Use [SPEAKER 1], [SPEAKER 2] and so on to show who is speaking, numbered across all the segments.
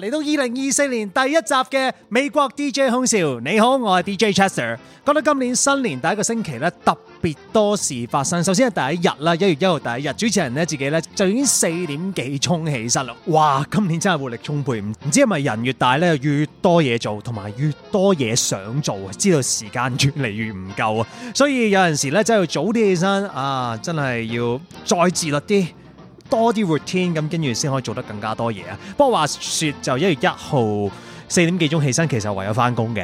[SPEAKER 1] 嚟到二零二四年第一集嘅美國 DJ 空少，你好，我係 DJ Chester。覺得今年新年第一個星期咧特別多事發生。首先係第一日啦，一月一號第一日，主持人咧自己咧就已經四點幾衝起身啦。哇，今年真係活力充沛，唔知係咪人越大咧越多嘢做，同埋越多嘢想做，知道時間越嚟越唔夠啊。所以有陣時咧真係要早啲起身，啊，真係要再自律啲。多啲 routine 咁，跟住先可以做得更加多嘢啊！不過話說就一月一號。四點幾鐘起身，其實為咗翻工嘅。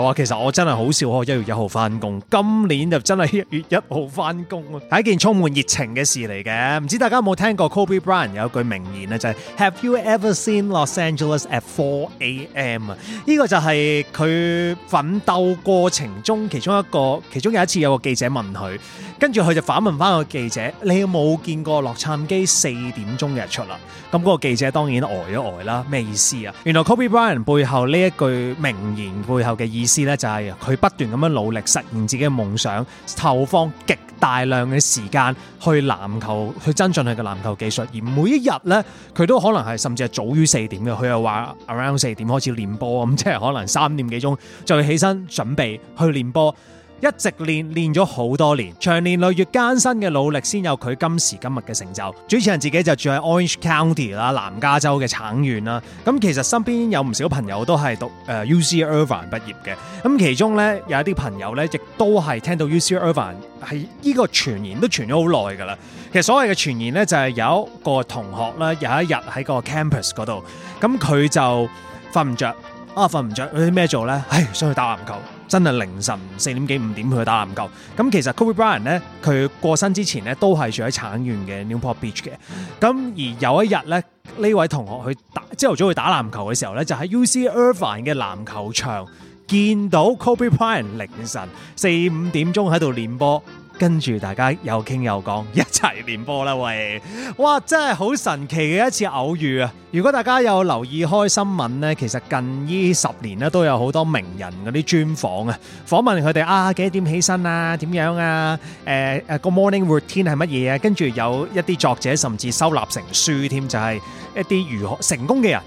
[SPEAKER 1] 哇，其實我真係好少。我一月一號翻工。今年就真係一月一號翻工啊！係一件充滿熱情嘅事嚟嘅。唔知大家有冇聽過 Kobe Bryant 有句名言呢，就係、是、Have you ever seen Los Angeles at Four a m 啊？呢、這個就係佢奮鬥過程中其中一個，其中有一次有個記者問佢，跟住佢就反問翻個記者：你有冇見過洛杉磯四點鐘日出啦？咁、那、嗰個記者當然呆咗呆啦，咩意思啊？原來 Kobe Bryant 背後呢一句名言背後嘅意思呢，就係佢不斷咁樣努力實現自己嘅夢想，投放極大量嘅時間去籃球去增進佢嘅籃球技術，而每一日呢，佢都可能係甚至係早於四點嘅，佢又話 around 四點開始練波，咁即係可能三點幾鐘就要起身準備去練波。一直練練咗好多年，長年累月艱辛嘅努力，先有佢今時今日嘅成就。主持人自己就住喺 Orange County 啦，南加州嘅橙縣啦。咁其實身邊有唔少朋友都係讀誒、呃、UC Irvine 畢業嘅。咁其中咧有一啲朋友咧，亦都係聽到 UC Irvine 係呢個傳言，都傳咗好耐噶啦。其實所謂嘅傳言咧，就係、係、有一個同學啦，有一日喺個 campus 嗰度，咁佢就瞓唔着啊，瞓唔着，佢啲咩做咧？唉，想去打籃球。真係凌晨四點幾五點去打籃球，咁其實 Kobe Bryant 咧，佢過身之前咧都係住喺橙縣嘅 Newport Beach 嘅，咁而有一日咧，呢位同學去打朝頭早去打籃球嘅時候咧，就喺 UC Irvine 嘅籃球場見到 Kobe Bryant 凌晨四五點鐘喺度練波。跟住大家又傾又講，一齊練波啦喂！哇，真係好神奇嘅一次偶遇啊！如果大家有留意開新聞呢，其實近呢十年呢都有好多名人嗰啲專訪啊，訪問佢哋啊幾點起身啊，點樣啊？誒誒個 morning routine 係乜嘢啊？跟住有一啲作者甚至收納成書添，就係一啲如何成功嘅人，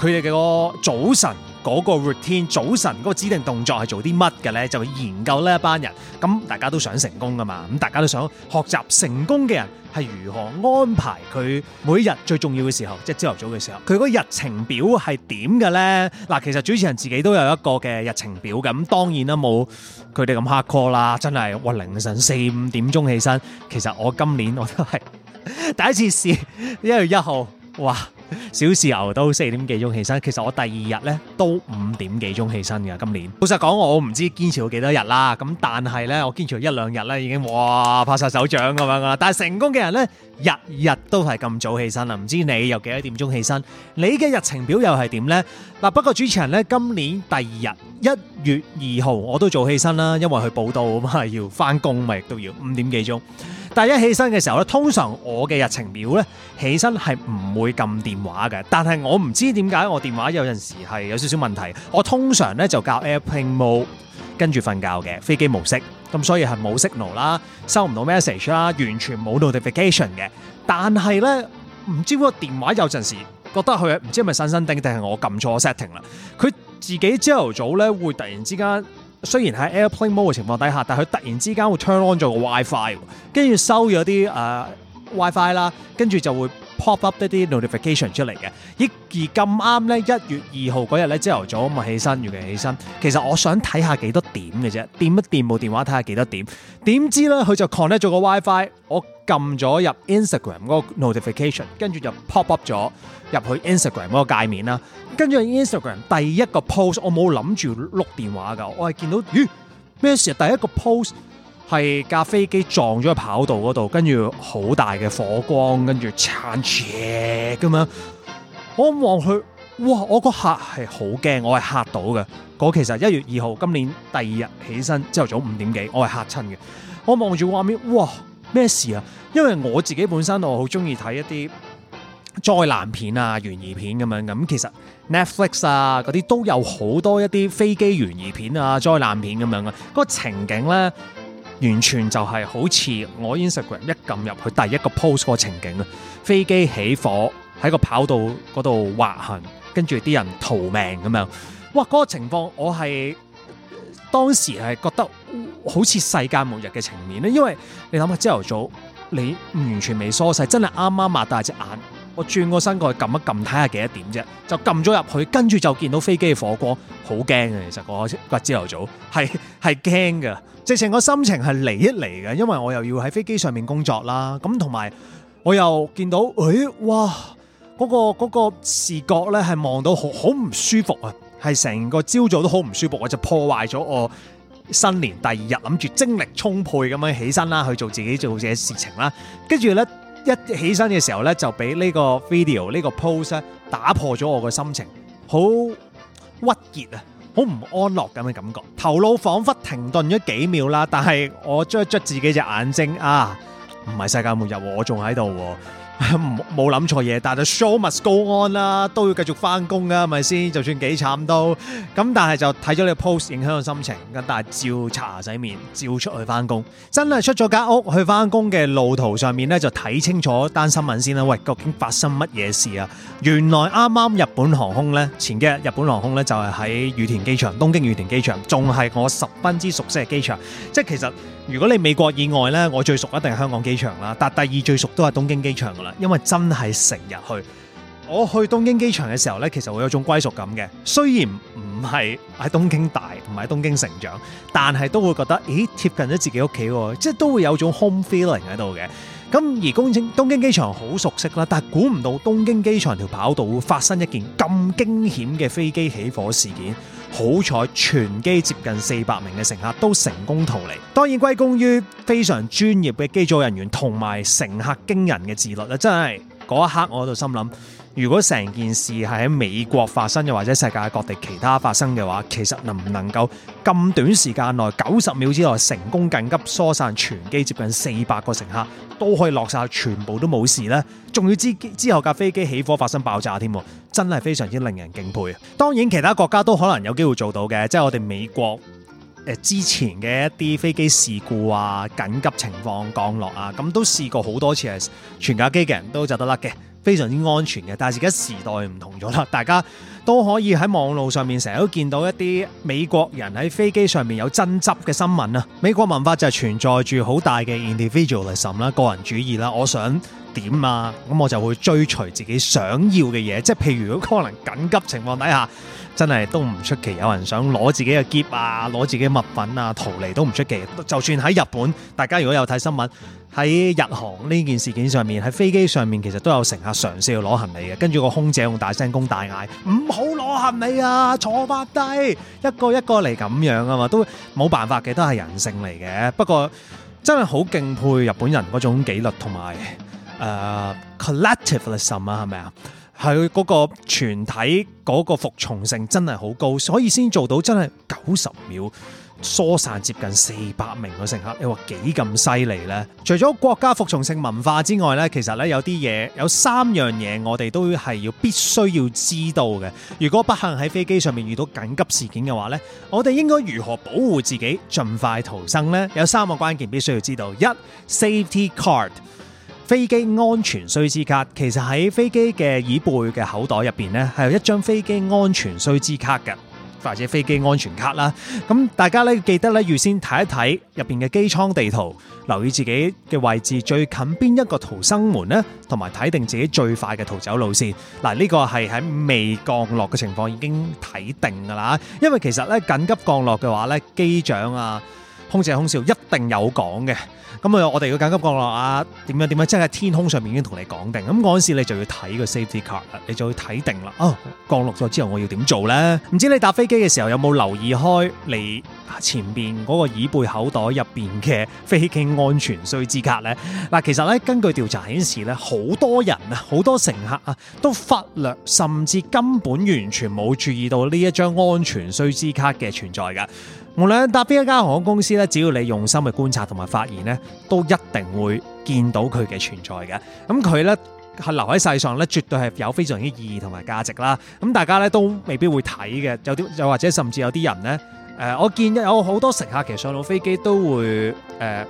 [SPEAKER 1] 佢哋嘅個早晨。嗰個 routine 早晨嗰個指定動作係做啲乜嘅咧？就研究呢一班人，咁大家都想成功噶嘛？咁大家都想學習成功嘅人係如何安排佢每一日最重要嘅時候，即係朝頭早嘅時候，佢嗰個日程表係點嘅咧？嗱，其實主持人自己都有一個嘅日程表咁，當然啦，冇佢哋咁 hard core 啦，真係哇凌晨四五點鐘起身，其實我今年我都係第一次試一月一號，哇！小時候都四點幾鐘起身，其實我第二日呢都五點幾鐘起身噶。今年老實講，我唔知堅持到幾多日啦。咁但係呢，我堅持咗一兩日呢已經哇拍晒手掌咁樣啦。但係成功嘅人呢，日日都係咁早起身啦。唔知你又幾多點鐘起身？你嘅日程表又係點呢？嗱，不過主持人呢，今年第二日一月二號我都早起身啦，因為去報到啊嘛，要翻工咪都要五點幾鐘。但係一起身嘅時候咧，通常我嘅日程表咧起身係唔會撳電話嘅。但係我唔知點解我電話有陣時係有少少問題。我通常咧就校 airplane mode 跟住瞓覺嘅飛機模式，咁所以係冇 signal 啦，收唔到 message 啦，完全冇 notification 嘅。但係咧唔知個電話有陣時覺得佢唔知係咪新新定定係我撳錯 setting 啦，佢自己朝頭早咧會突然之間。雖然喺 airplane mode 嘅情況底下，但係佢突然之間會 turn on 咗個 WiFi，跟住收咗啲誒 WiFi 啦，跟、uh, 住就會。pop up 一啲 notification 出嚟嘅，而咁啱咧一月二號嗰日咧朝頭早，咁我起身，完佢起身，其實我想睇下幾多點嘅啫，掂一掂部電話睇下幾多點，點知咧佢就 connect 咗個 WiFi，我撳咗入 Instagram 嗰個 notification，跟住就 pop up 咗入去 Instagram 嗰個界面啦，跟住 Instagram 第一個 post 我冇諗住碌電話噶，我係見到咦，咩事啊？第一個 post。係架飛機撞咗喺跑道嗰度，跟住好大嘅火光，跟住撐斜咁樣。我望佢，哇！我個客係好驚，我係吓到嘅。嗰、那個、其實一月二號，今年第二日起身，朝頭早五點幾，我係吓親嘅。我望住畫面，哇！咩事啊？因為我自己本身我好中意睇一啲災難片啊、懸疑片咁樣。咁其實 Netflix 啊嗰啲都有好多一啲飛機懸疑片啊、災難片咁樣嘅。嗰、那個情景咧。完全就係好似我 Instagram 一撳入去，第一個 post 個情景啊！飛機起火喺個跑道嗰度滑行，跟住啲人逃命咁樣，哇！嗰個情況我係當時係覺得好似世界末日嘅情面咧，因為你諗下，朝頭早你完全未梳晒，真係啱啱擘大隻眼。我轉過身過去撳一撳睇下幾多點啫，就撳咗入去，跟住就見到飛機嘅火光，好驚啊！其實我個朝頭早係係驚嘅，直情個心情係嚟一嚟嘅，因為我又要喺飛機上面工作啦，咁同埋我又見到，誒、欸、哇嗰個嗰個視覺咧係望到好好唔舒服啊，係成個朝早都好唔舒服，我就破壞咗我新年第二日諗住精力充沛咁樣起身啦，去做自己做自己嘅事情啦，跟住咧。一起身嘅時候咧，就俾呢個 video 呢個 pose 打破咗我嘅心情，好鬱結啊，好唔安樂咁嘅感覺。頭腦彷彷彿停頓咗幾秒啦，但係我捽一捽自己隻眼睛啊，唔係世界末日，我仲喺度。冇諗錯嘢，但係 show must go on 啦，都要繼續翻工噶，係咪先？就算幾慘都，咁但係就睇咗你個 post 影響個心情。但係照刷牙洗面，照出去翻工。真係出咗間屋去翻工嘅路途上面呢，就睇清楚單新聞先啦。喂，究竟發生乜嘢事啊？原來啱啱日本航空呢，前幾日日本航空呢，就係喺羽田機場，東京羽田機場，仲係我十分之熟悉嘅機場。即係其實。如果你美國以外咧，我最熟一定係香港機場啦。但第二最熟都係東京機場噶啦，因為真係成日去。我去東京機場嘅時候呢，其實會有種歸屬感嘅。雖然唔係喺東京大，同埋喺東京成長，但係都會覺得咦，貼近咗自己屋企喎，即係都會有種 home feeling 喺度嘅。咁而東京，東京機場好熟悉啦，但係估唔到東京機場條跑道會發生一件咁驚險嘅飛機起火事件。好彩，全機接近四百名嘅乘客都成功逃離，當然歸功於非常專業嘅機組人員同埋乘客驚人嘅自律啦！真係嗰一刻我，我就心諗。如果成件事係喺美國發生，又或者世界各地其他發生嘅話，其實能唔能夠咁短時間內，九十秒之內成功緊急疏散全機接近四百個乘客，都可以落晒，全部都冇事咧？仲要之之後架飛機起火發生爆炸添，真係非常之令人敬佩。當然，其他國家都可能有機會做到嘅，即係我哋美國誒、呃、之前嘅一啲飛機事故啊，緊急情況降落啊，咁都試過好多次係全架機嘅人都就得甩嘅。非常之安全嘅，但係而家時代唔同咗啦，大家都可以喺網路上面成日都見到一啲美國人喺飛機上面有爭執嘅新聞啊！美國文化就係存在住好大嘅 individualism 啦，個人主義啦，我想點啊，咁我就會追隨自己想要嘅嘢，即係譬如如果可能緊急情況底下，真係都唔出奇有人想攞自己嘅喼啊，攞自己物品啊逃離都唔出奇，就算喺日本，大家如果有睇新聞。喺日航呢件事件上面，喺飛機上面其實都有乘客嘗試要攞行李嘅，跟住個空姐用大聲公大嗌：唔好攞行李啊，坐埋低，一個一個嚟咁樣啊嘛，都冇辦法嘅，都係人性嚟嘅。不過真係好敬佩日本人嗰種紀律同埋誒 collectivism 啊，係咪啊？係嗰個全體嗰個服從性真係好高，所以先做到真係九十秒。疏散接近四百名嘅乘客，你話幾咁犀利咧？除咗國家服從性文化之外咧，其實咧有啲嘢，有三樣嘢我哋都係要必須要知道嘅。如果不幸喺飛機上面遇到緊急事件嘅話咧，我哋應該如何保護自己盡快逃生咧？有三個關鍵必須要知道：一、Safety Card，飛機安全須知卡。其實喺飛機嘅椅背嘅口袋入邊咧，係有一張飛機安全須知卡嘅。或者飛機安全卡啦，咁大家呢記得呢預先睇一睇入邊嘅機艙地圖，留意自己嘅位置最近邊一個逃生門呢，同埋睇定自己最快嘅逃走路線。嗱，呢個係喺未降落嘅情況已經睇定㗎喇，因為其實呢緊急降落嘅話呢，機長啊、空姐、空少一定有講嘅。咁啊，我哋要緊急降落啊！點樣點樣？即係喺天空上面已經同你講定。咁嗰陣時你就要個，你就要睇個 safety card，你就要睇定啦。哦，降落咗之後，我要點做咧？唔知你搭飛機嘅時候有冇留意開你前邊嗰個椅背口袋入邊嘅飛機安全須知卡咧？嗱，其實咧根據調查顯示咧，好多人啊，好多乘客啊，都忽略甚至根本完全冇注意到呢一張安全須知卡嘅存在嘅。無論搭邊一間航空公司咧，只要你用心去觀察同埋發現咧，都一定會見到佢嘅存在嘅。咁佢咧係留喺世上咧，絕對係有非常之意義同埋價值啦。咁大家咧都未必會睇嘅，有啲又或者甚至有啲人咧。誒、呃，我見有好多乘客其實上到飛機都會誒誒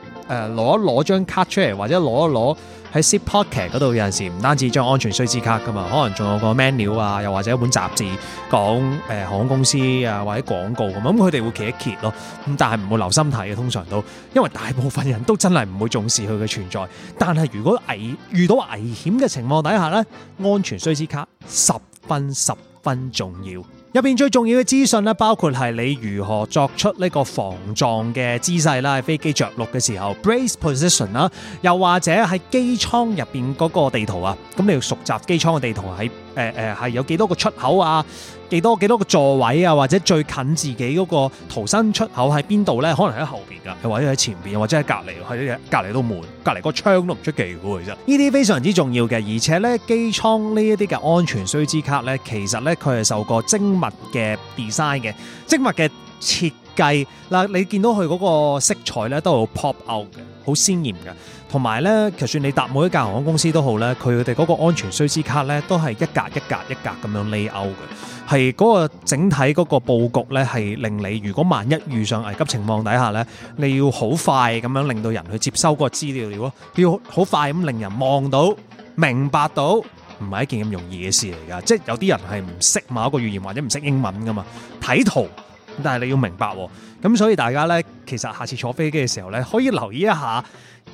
[SPEAKER 1] 攞攞張卡出嚟，或者攞一攞喺 seat pocket 嗰度。有陣時唔單止張安全須知卡噶嘛，可能仲有個 menu 啊，又或者一本雜誌講誒、呃、航空公司啊或者廣告咁。咁佢哋會企一企咯，咁但係唔會留心睇嘅。通常都，因為大部分人都真係唔會重視佢嘅存在。但係如果危遇到危險嘅情況底下咧，安全須知卡十分十分重要。入邊最重要嘅資訊咧，包括係你如何作出呢個防撞嘅姿勢啦，飛機着陸嘅時候 Brace Position 啦，又或者係機艙入邊嗰個地圖啊，咁你要熟習機艙嘅地圖喺。誒誒係有幾多個出口啊？幾多幾多個座位啊？或者最近自己嗰個逃生出口喺邊度咧？可能喺後邊㗎，或者喺前邊，或者喺隔離，係咧隔離都滿，隔離個窗都唔出奇嘅啫。其實呢啲非常之重要嘅，而且咧機艙呢一啲嘅安全須知卡咧，其實咧佢係受過精密嘅 design 嘅精密嘅設計。嗱、呃，你見到佢嗰個色彩咧都好 pop out，嘅，好鮮豔嘅。同埋呢，就算你搭每一間航空公司都好呢，佢哋嗰個安全須知卡呢都係一格一格一格咁樣 layout 嘅，係嗰個整體嗰個佈局呢，係令你如果萬一遇上危急情況底下呢，你要好快咁樣令到人去接收嗰個資料了咯，要好快咁令人望到明白到，唔係一件咁容易嘅事嚟㗎，即係有啲人係唔識某一個語言或者唔識英文㗎嘛，睇圖，但係你要明白喎、哦，咁所以大家呢，其實下次坐飛機嘅時候呢，可以留意一下。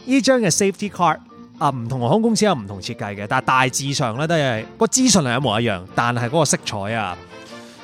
[SPEAKER 1] 呢張嘅 safety card 啊，唔同航空公司有唔同設計嘅，但係大致上咧都係、個資訊係一模一樣，但係嗰個色彩啊，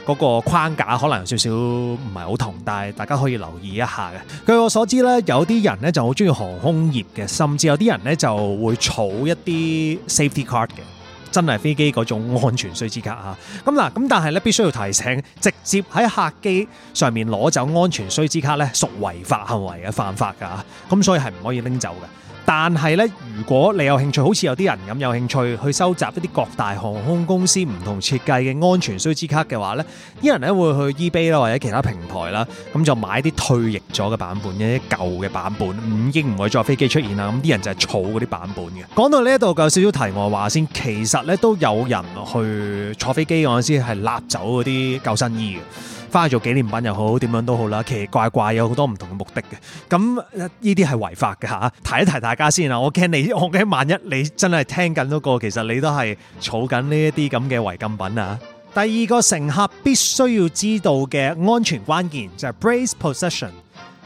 [SPEAKER 1] 個、嗰個框架可能有少少唔係好同，但係大家可以留意一下嘅。據我所知咧，有啲人咧就好中意航空業嘅，甚至有啲人咧就會儲一啲 safety card 嘅。真係飛機嗰種安全須知卡啊！咁嗱，咁但係咧必須要提醒，直接喺客機上面攞走安全須知卡咧，屬違法行為嘅，犯法㗎，咁所以係唔可以拎走嘅。但係咧，如果你有興趣，好似有啲人咁有興趣去收集一啲各大航空公司唔同設計嘅安全須知卡嘅話，呢啲人咧會去 eBay 啦或者其他平台啦，咁就買啲退役咗嘅版本，一啲舊嘅版本已經唔會再飛機出現啦。咁啲人就係儲嗰啲版本嘅。講到呢一度有少少題外話先，其實呢都有人去坐飛機嗰陣時係笠走嗰啲救生衣嘅。翻去做紀念品又好，點樣都好啦，奇奇怪怪有好多唔同嘅目的嘅，咁呢啲係違法嘅嚇、啊，提一提大家先啊！我驚你，我驚萬一你真係聽緊嗰、那個，其實你都係儲緊呢一啲咁嘅違禁品啊！第二個乘客必須要知道嘅安全關鍵就係、是、brace position，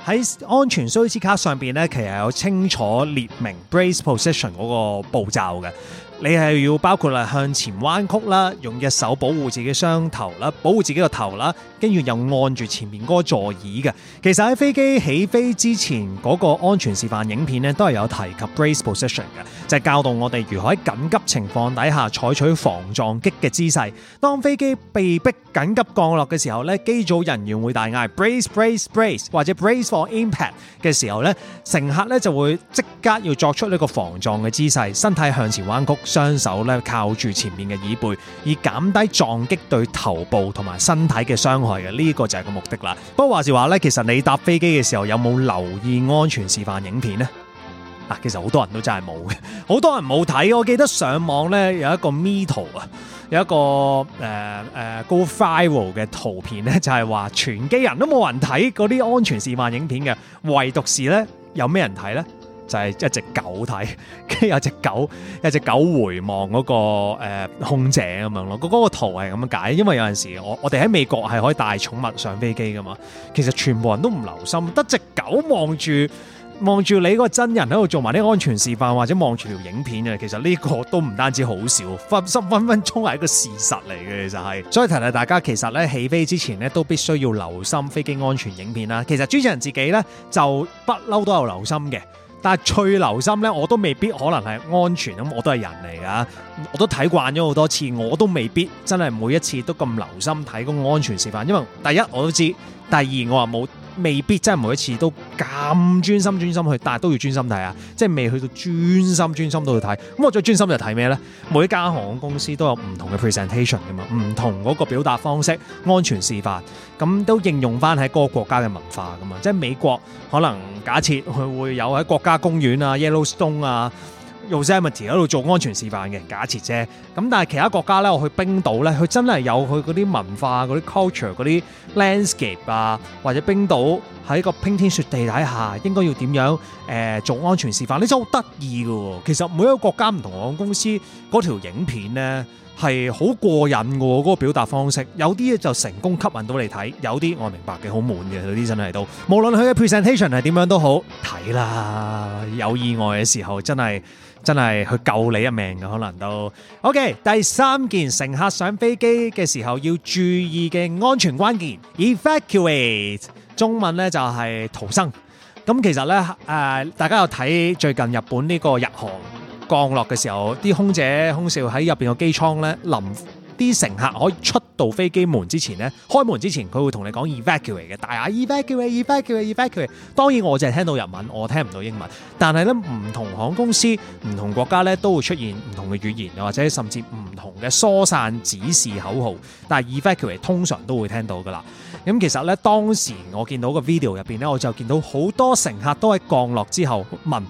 [SPEAKER 1] 喺安全須知卡上邊咧，其實有清楚列明 brace position 嗰個步驟嘅。你係要包括啦，向前彎曲啦，用隻手保護自己雙頭啦，保護自己個頭啦，跟住又按住前面嗰個座椅嘅。其實喺飛機起飛之前嗰、嗰個安全示範影片呢，都係有提及 brace position 嘅，就係、教導我哋如何喺緊急情況底下採取防撞擊嘅姿勢。當飛機被逼緊急降落嘅時候呢，機組人員會大嗌 br brace brace brace 或者 brace for impact 嘅時候呢，乘客呢就會即刻要作出呢個防撞嘅姿勢，身體向前彎曲。雙手咧靠住前面嘅椅背，以減低撞擊對頭部同埋身體嘅傷害嘅，呢、這個就係個目的啦。不過話時話咧，其實你搭飛機嘅時候有冇留意安全示範影片呢？啊，其實好多人都真係冇嘅，好多人冇睇。我記得上網咧有一個咪圖啊，有一個誒誒、呃呃、Go viral 嘅圖片咧，就係、是、話全機人都冇人睇嗰啲安全示範影片嘅，唯獨是咧有咩人睇呢？就係一隻狗睇，跟住有隻狗有隻狗回望嗰個誒空姐咁樣咯。佢嗰個圖係咁樣解，因為有陣時我我哋喺美國係可以帶寵物上飛機噶嘛。其實全部人都唔留心，得隻狗望住望住你嗰個真人喺度做埋啲安全示範，或者望住條影片嘅。其實呢個都唔單止好笑，分分分鐘係一個事實嚟嘅，其實係。所以提提大家，其實咧起飛之前咧都必須要留心飛機安全影片啦。其實主持人自己咧就不嬲都有留心嘅。但係最留心呢，我都未必可能係安全咁，我都係人嚟㗎，我都睇慣咗好多次，我都未必真係每一次都咁留心睇嗰個安全示範，因為第一我都知，第二我話冇。未必真係每一次都咁專心專心去，但係都要專心睇啊！即係未去到專心專心都去睇，咁我最專心就睇咩呢？每間航空公司都有唔同嘅 presentation 㗎嘛，唔同嗰個表達方式、安全示範，咁都應用翻喺嗰個國家嘅文化㗎嘛。即係美國可能假設佢會有喺國家公園啊、Yellowstone 啊。Rosamund 喺度做安全示範嘅，假設啫。咁但係其他國家咧，我去冰島咧，佢真係有佢嗰啲文化、嗰啲 culture、嗰啲 landscape 啊，或者冰島喺個冰天雪地底下，應該要點樣誒做安全示範？呢真係好得意㗎喎！其實每一個國家唔同嘅公司嗰條影片咧，係好過癮㗎喎，嗰個表達方式。有啲咧就成功吸引到你睇，有啲我明白嘅，好悶嘅有啲真係都。無論佢嘅 presentation 係點樣都好，睇啦。有意外嘅時候真係～真係去救你一命嘅，可能都 OK。第三件，乘客上飛機嘅時候要注意嘅安全關鍵，Evacuate，中文呢就係、是、逃生。咁、嗯、其實呢，誒、呃，大家有睇最近日本呢個日航降落嘅時候，啲空姐、空少喺入邊個機艙呢臨。啲乘客可以出到飛機門之前咧，開門之前佢會同你講 evacuate 嘅，大啊 evacuate，evacuate，evacuate evacuate。當然我淨係聽到日文，我聽唔到英文。但係咧唔同航空公司、唔同國家咧都會出現唔同嘅語言，又或者甚至唔同嘅疏散指示口號。但係 evacuate 通常都會聽到㗎啦。咁、嗯、其實咧當時我見到個 video 入邊咧，我就見到好多乘客都喺降落之後問。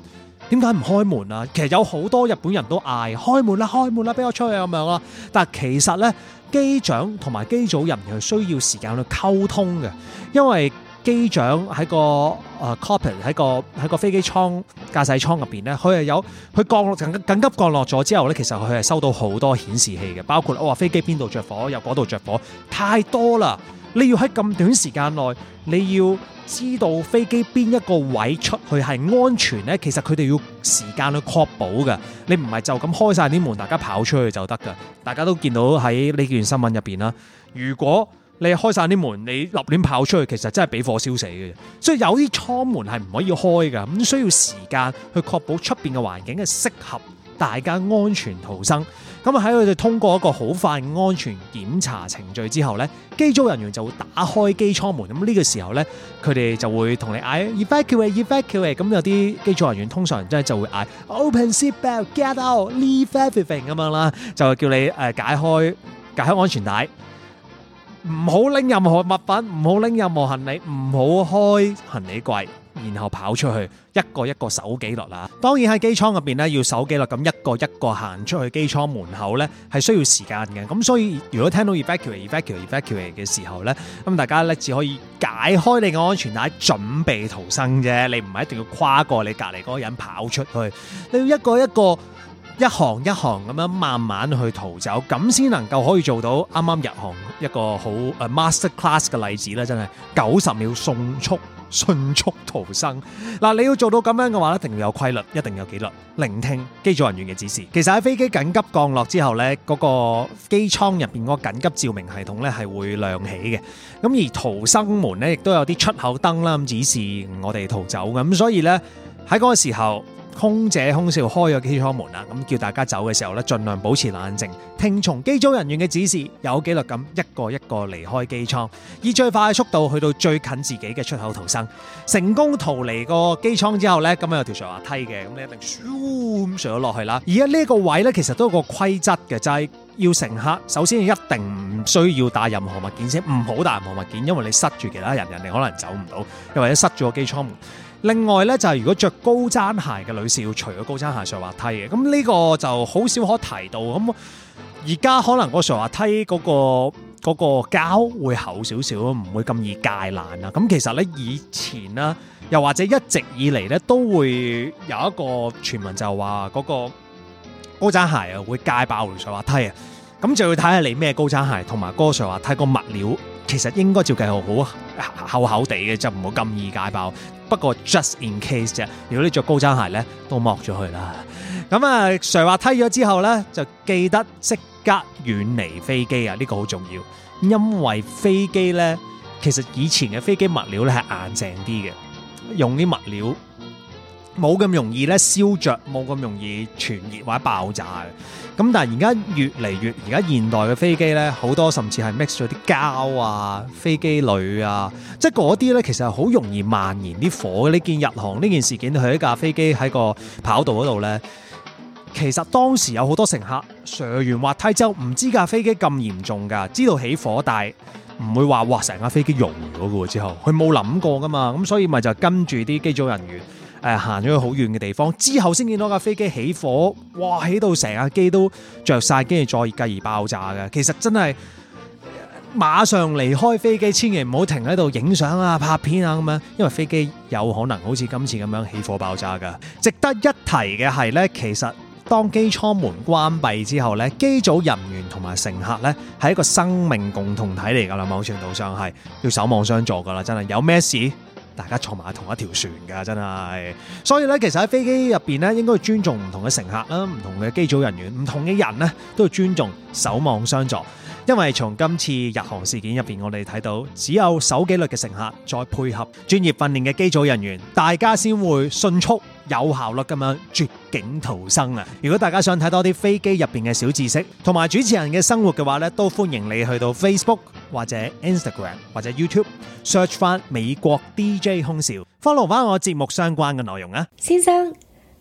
[SPEAKER 1] 點解唔開門啊？其實有好多日本人都嗌開門啦，開門啦，俾我出去咁樣啊！但其實呢，機長同埋機組人員係需要時間去溝通嘅，因為。機長喺個誒 copilot 喺個喺個飛機艙駕駛艙入邊咧，佢係有佢降落緊急降落咗之後咧，其實佢係收到好多顯示器嘅，包括我話、哦、飛機邊度着火，又嗰度着火太多啦。你要喺咁短時間內，你要知道飛機邊一個位出去係安全呢，其實佢哋要時間去確保嘅。你唔係就咁開晒啲門，大家跑出去就得噶。大家都見到喺呢段新聞入邊啦，如果。你開晒啲門，你立亂跑出去，其實真係俾火燒死嘅。所以有啲艙門係唔可以開嘅，咁需要時間去確保出邊嘅環境係適合大家安全逃生。咁啊喺佢哋通過一個好快安全檢查程序之後咧，機組人員就會打開機艙門。咁呢個時候咧，佢哋就會同你嗌 Evacuate，evacuate。咁、e、Ev 有啲機組人員通常真係就會嗌 Open seat belt，get out，leave everything 咁樣啦，就叫你誒解開解開安全帶，唔好拎任何物品，唔好拎任何行李，唔好開行李櫃，然後跑出去，一個一個守紀律啦。當然喺機艙入邊咧，要守紀律，咁一個一個行出去機艙門口咧係需要時間嘅。咁所以如果聽到 evacuate、evacuate、evacuate 嘅時候咧，咁大家咧只可以解開你嘅安全帶準備逃生啫，你唔係一定要跨過你隔籬嗰個人跑出去，你要一個一個。一行一行咁樣慢慢去逃走，咁先能夠可以做到啱啱入行一個好誒 master class 嘅例子咧，真係九十秒迅速迅速逃生。嗱，你要做到咁樣嘅話，一定要有規律，一定要有紀律，聆聽機組人員嘅指示。其實喺飛機緊急降落之後呢，嗰個機艙入邊嗰個緊急照明系統咧，係會亮起嘅。咁而逃生門呢，亦都有啲出口燈啦，指示我哋逃走嘅。咁所以呢，喺嗰個時候。空姐空少開咗機艙門啦，咁叫大家走嘅時候咧，盡量保持冷靜，聽從機組人員嘅指示，有紀律咁一個一個離開機艙，以最快嘅速度去到最近自己嘅出口逃生。成功逃離個機艙之後咧，咁有條瀡滑梯嘅，咁你一定咻咁瀡咗落去啦。而家呢個位咧，其實都有個規則嘅，就係要乘客首先一定唔需要帶任何物件，先唔好帶任何物件，因為你塞住其他人，人哋可能走唔到，又或者塞住個機艙門。另外咧，就係如果着高踭鞋嘅女士要除咗高踭鞋上滑梯嘅，咁呢個就好少可提到。咁而家可能個上滑梯嗰個嗰個膠會厚少少，唔會咁易界爛啊。咁其實咧，以前啦，又或者一直以嚟咧都會有一個傳聞，就話嗰個高踭鞋啊會界爆上滑梯啊。咁就要睇下你咩高踭鞋，同埋個上滑梯個物料。其實應該照計號好厚厚地嘅，就唔好咁易解爆。不過 just in case 啫，如果你着高踭鞋咧，都剝咗佢啦。咁啊，Sir 話梯咗之後咧，就記得即刻遠離飛機啊！呢個好重要，因為飛機咧，其實以前嘅飛機物料咧係硬淨啲嘅，用啲物料。冇咁容易咧燒着，冇咁容易傳熱或者爆炸。咁但係而家越嚟越而家現代嘅飛機咧，好多甚至係 mix 咗啲膠啊、飛機鋁啊，即係嗰啲咧其實係好容易蔓延啲火。呢件日航呢件事件，佢一架飛機喺個跑道嗰度咧，其實當時有好多乘客上完滑梯之後，唔知架飛機咁嚴重噶，知道起火，但係唔會話哇成架飛機融咗嘅喎。之後佢冇諗過噶嘛，咁所以咪就跟住啲機組人員。係行咗去好遠嘅地方，之後先見到架飛機起火，哇！起到成架機都着晒，跟住再繼而爆炸嘅。其實真係馬上離開飛機，千祈唔好停喺度影相啊、拍片啊咁樣，因為飛機有可能好似今次咁樣起火爆炸噶。值得一提嘅係呢，其實當機艙門關閉之後呢，機組人員同埋乘客呢係一個生命共同體嚟噶啦，某程度上係要守望相助噶啦，真係有咩事。大家坐埋同一條船㗎，真係。所以咧，其實喺飛機入邊咧，應該要尊重唔同嘅乘客啦，唔同嘅機組人員，唔同嘅人咧，都要尊重，守望相助。因為從今次日航事件入邊，我哋睇到只有守紀律嘅乘客，再配合專業訓練嘅機組人員，大家先會迅速有效率咁樣絕境逃生啊！如果大家想睇多啲飛機入邊嘅小知識，同埋主持人嘅生活嘅話咧，都歡迎你去到 Facebook 或者 Instagram 或者 YouTube search 翻美國 DJ 空少，follow 翻我節目相關嘅內容啊！先生，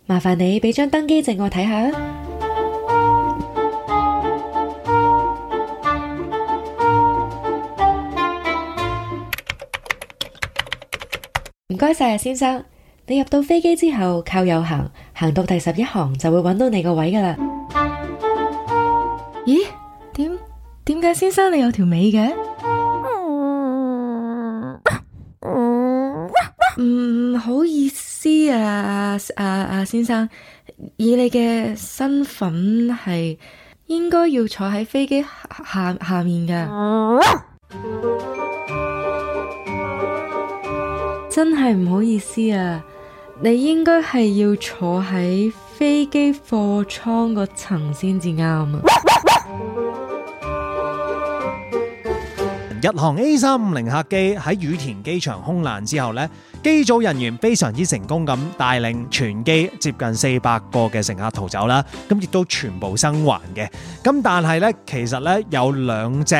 [SPEAKER 1] 麻煩你俾張登機證我睇下啊！唔該晒啊，先生，你入到飛機之後靠右行，行到第十一行就會揾到你個位噶啦。咦？點點解先生你有條尾嘅？唔好意思啊啊啊！先生，以你嘅身份係應該要坐喺飛機下下下面噶。真係唔好意思啊！你應該係要坐喺飛機貨倉個層先至啱啊！日航 A 三五零客機喺羽田機場空難之後呢，機組人員非常之成功咁帶領全機接近四百個嘅乘客逃走啦，咁亦都全部生還嘅。咁但係呢，其實呢有兩隻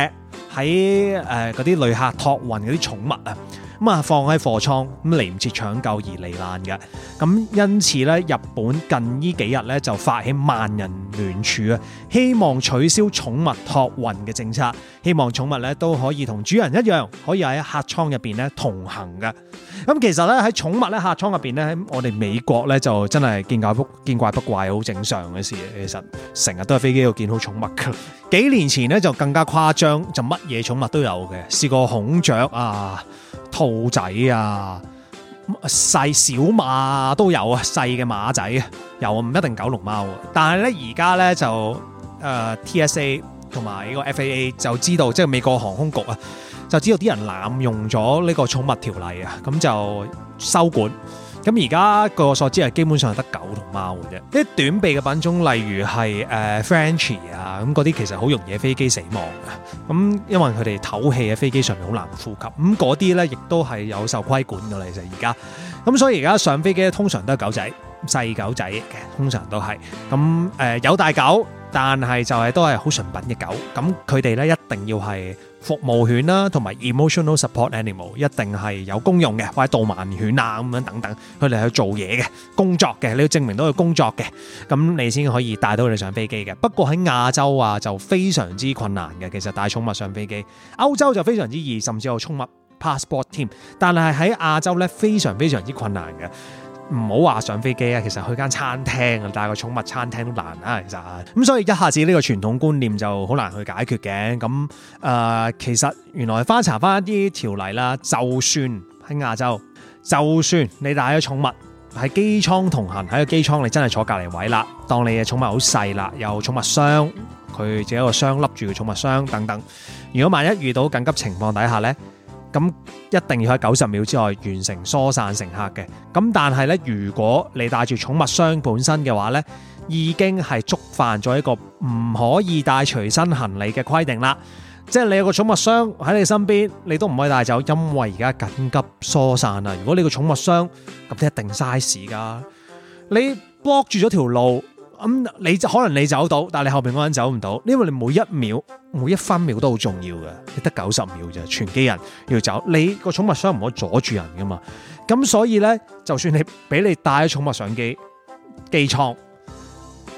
[SPEAKER 1] 喺誒嗰啲旅客託運嗰啲寵物啊。咁啊，放喺貨倉咁嚟唔切搶救而罹難嘅。咁因此咧，日本近呢幾日咧就發起萬人聯署啊，希望取消寵物託運嘅政策，希望寵物咧都可以同主人一樣，可以喺客艙入邊咧同行嘅。咁其實咧喺寵物咧客艙入邊咧，喺我哋美國咧就真係見怪不見怪不怪，好正常嘅事。其實成日都喺飛機度見到寵物嘅。幾年前咧就更加誇張，就乜嘢寵物都有嘅，試過孔雀啊～兔仔啊，細小，小馬都有啊，細嘅馬仔啊，有啊，唔一定狗龍貓啊。但係咧，而家咧就誒、呃、，T S A 同埋呢個 F A A 就知道，即、就、係、是、美國航空局啊，就知道啲人濫用咗呢個寵物條例啊，咁就收管。咁而家個所知係基本上係得狗同貓嘅啫，啲短鼻嘅品種，例如係誒 Frenchie 啊，咁嗰啲其實好容易飛機死亡嘅，咁因為佢哋唞氣喺飛機上面好難呼吸，咁嗰啲咧亦都係有受規管嘅啦，其實而家，咁所以而家上飛機咧通常都係狗仔，細狗仔嘅，通常都係，咁誒有大狗，但係就係都係好純品嘅狗，咁佢哋咧一定要係。服務犬啦，同埋 emotional support animal 一定係有功用嘅，或者導盲犬啊咁樣等等，佢哋去做嘢嘅工作嘅，你要證明到佢工作嘅，咁你先可以帶到佢哋上飛機嘅。不過喺亞洲啊，就非常之困難嘅。其實帶寵物上飛機，歐洲就非常之易，甚至有寵物 passport 添。但係喺亞洲呢，非常非常之困難嘅。唔好話上飛機啊，其實去間餐廳啊，帶個寵物餐廳都難啊，其實咁所以一下子呢個傳統觀念就好難去解決嘅。咁誒、呃，其實原來翻查翻一啲條例啦，就算喺亞洲，就算你帶咗寵物喺機艙同行，喺個機艙你真係坐隔離位啦，當你嘅寵物好細啦，有寵物箱，佢自己一個箱笠住個寵物箱等等。如果萬一遇到緊急情況底下呢。咁一定要喺九十秒之內完成疏散乘客嘅。咁但係呢，如果你帶住寵物箱本身嘅話呢，已經係觸犯咗一個唔可以帶隨身行李嘅規定啦。即係你有個寵物箱喺你身邊，你都唔可以帶走，因為而家緊急疏散啦！如果你個寵物箱咁，一定嘥事噶，你 block 住咗條路。咁、嗯、你可能你走到，但係你後邊嗰，人走唔到，因為你每一秒、每一分秒都好重要嘅，得九十秒就全機人要走，你個寵物箱唔可以阻住人噶嘛，咁所以咧，就算你俾你帶咗寵物上機機艙，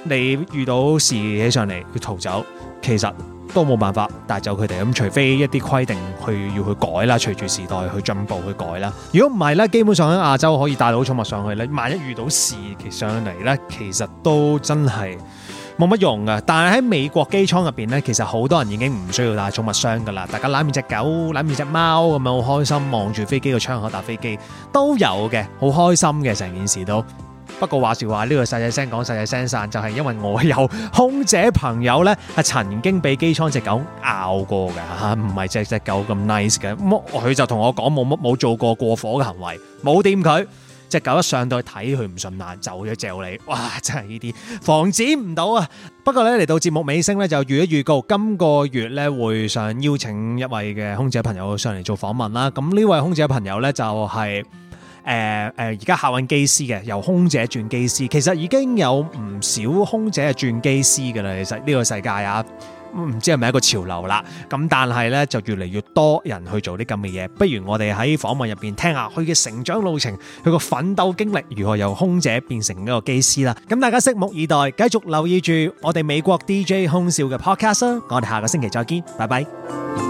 [SPEAKER 1] 你遇到事起上嚟要逃走，其實。都冇辦法帶走佢哋，咁除非一啲規定去要去改啦，隨住時代去進步去改啦。如果唔係呢，基本上喺亞洲可以帶到寵物上去呢，萬一遇到事其實上嚟呢，其實都真係冇乜用㗎。但係喺美國機艙入邊呢，其實好多人已經唔需要帶寵物箱㗎啦，大家攬住隻狗，攬住隻貓咁樣好開心，望住飛機個窗口搭飛機都有嘅，好開心嘅成件事都。不過話時話，呢個細細聲講細細聲散，就係因為我有空姐朋友咧，係曾經俾機艙隻狗咬過嘅吓，唔係隻隻狗咁 nice 嘅，咁佢就同我講冇乜冇做過過火嘅行為，冇掂佢，隻狗一上到去睇佢唔順眼，就一嚼你，哇真係呢啲防止唔到啊！不過咧嚟到節目尾聲咧，就預一預告，今個月咧會想邀請一位嘅空姐朋友上嚟做訪問啦。咁呢位空姐朋友咧就係。誒誒，而家客運機師嘅由空姐轉機師，其實已經有唔少空姐係轉機師㗎啦。其實呢個世界啊，唔知係咪一個潮流啦。咁但係呢，就越嚟越多人去做啲咁嘅嘢。不如我哋喺訪問入邊聽下佢嘅成長路程，佢個奮鬥經歷，如何由空姐變成一個機師啦。咁大家拭目以待，繼續留意住我哋美國 DJ 空少嘅 podcast 啦。我哋下個星期再見，拜拜。